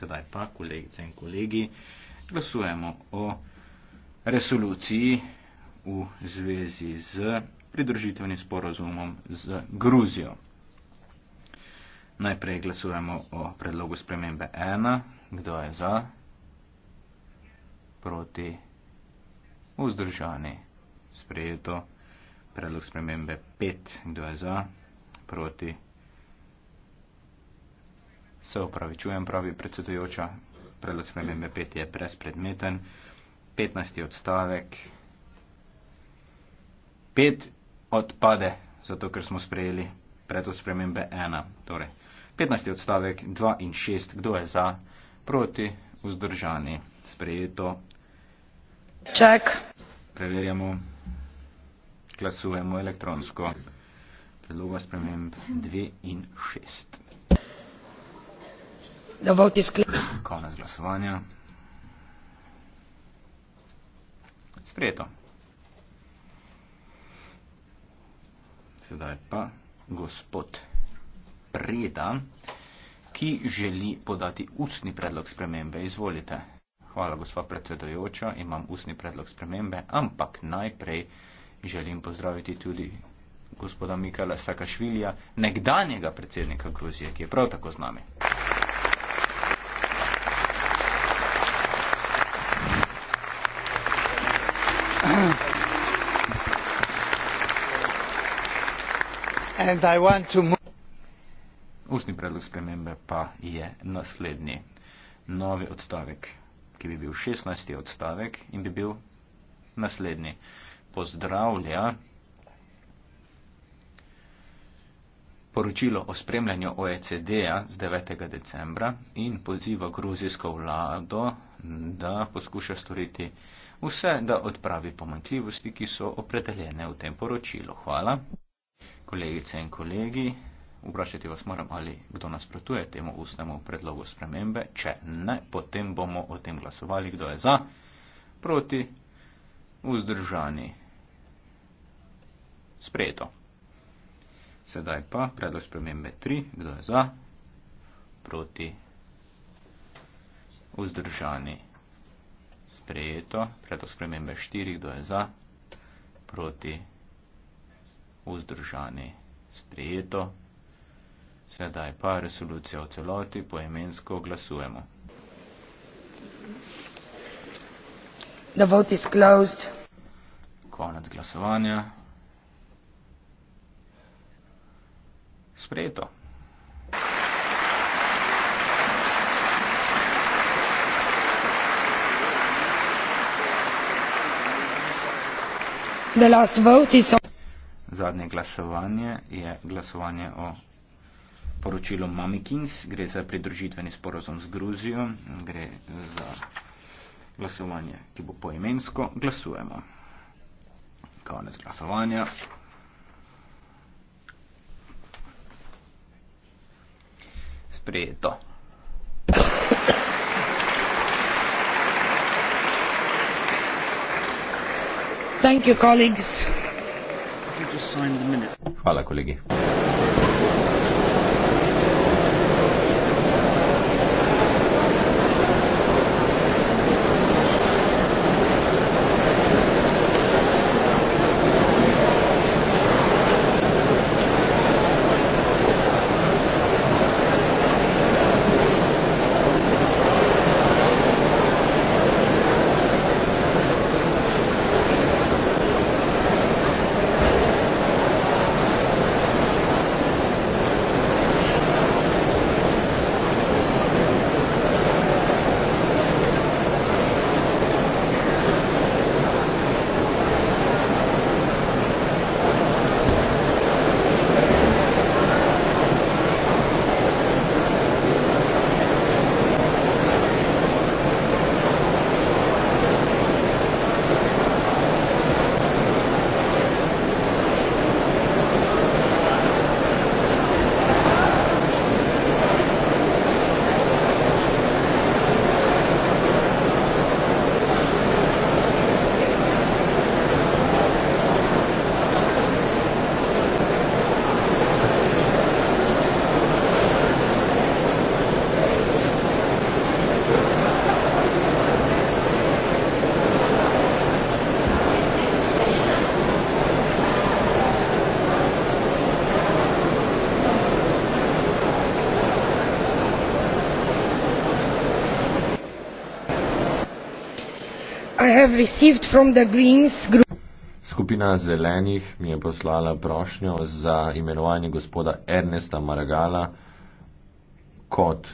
Sedaj pa, kolegice in kolegi, glasujemo o resoluciji v zvezi z pridružitvenim sporozumom z Gruzijo. Najprej glasujemo o predlogu spremembe 1. Kdo je za? Proti? Vzdržani? Sprejeto. Predlog spremembe 5. Kdo je za? Proti? Se upravičujem, pravi predsedujoča, predlog spremembe 5 je brezpredmeten. 15. odstavek. 5 odpade, zato ker smo sprejeli predlog spremembe 1. Torej, 15. odstavek 2 in 6. Kdo je za? Proti vzdržani. Sprejeto. Ček. Preverjamo. Glasujemo elektronsko. Predloga sprememb 2 in 6. Konec glasovanja. Sprejeto. Sedaj pa gospod Preda, ki želi podati ustni predlog spremembe. Izvolite. Hvala, gospa predsedojoča, imam ustni predlog spremembe, ampak najprej želim pozdraviti tudi gospoda Mikala Sakašvilija, nekdanjega predsednika Gruzije, ki je prav tako z nami. Ustni predlog spremembe pa je naslednji. Novi odstavek, ki bi bil 16. odstavek in bi bil naslednji. Pozdravlja poročilo o spremljanju OECD-ja z 9. decembra in poziva gruzijsko vlado, da poskuša storiti vse, da odpravi pomankljivosti, ki so opredeljene v tem poročilu. Hvala. Kolegice in kolegi, vprašati vas moram, ali kdo nasprotuje temu ustnemu predlogu spremembe. Če ne, potem bomo o tem glasovali, kdo je za, proti, vzdržani. Sprejeto. Sedaj pa predlog spremembe 3. Kdo je za? Proti. Vzdržani. Sprejeto. Predlog spremembe 4. Kdo je za? Proti vzdržane sprejeto. Sedaj pa resolucijo v celoti poemensko glasujemo. The vote is closed. Konec glasovanja. Sprejeto. The last vote is on zadnje glasovanje je glasovanje o poročilu Mamikins, gre za pridružitveni sporozum z Gruzijo, gre za glasovanje, ki bo poimensko, glasujemo. Konec glasovanja. Sprejeto. Thank you, colleagues. Hvala, kolegi. Skupina zelenih mi je poslala prošnjo za imenovanje gospoda Ernesta Maragala kot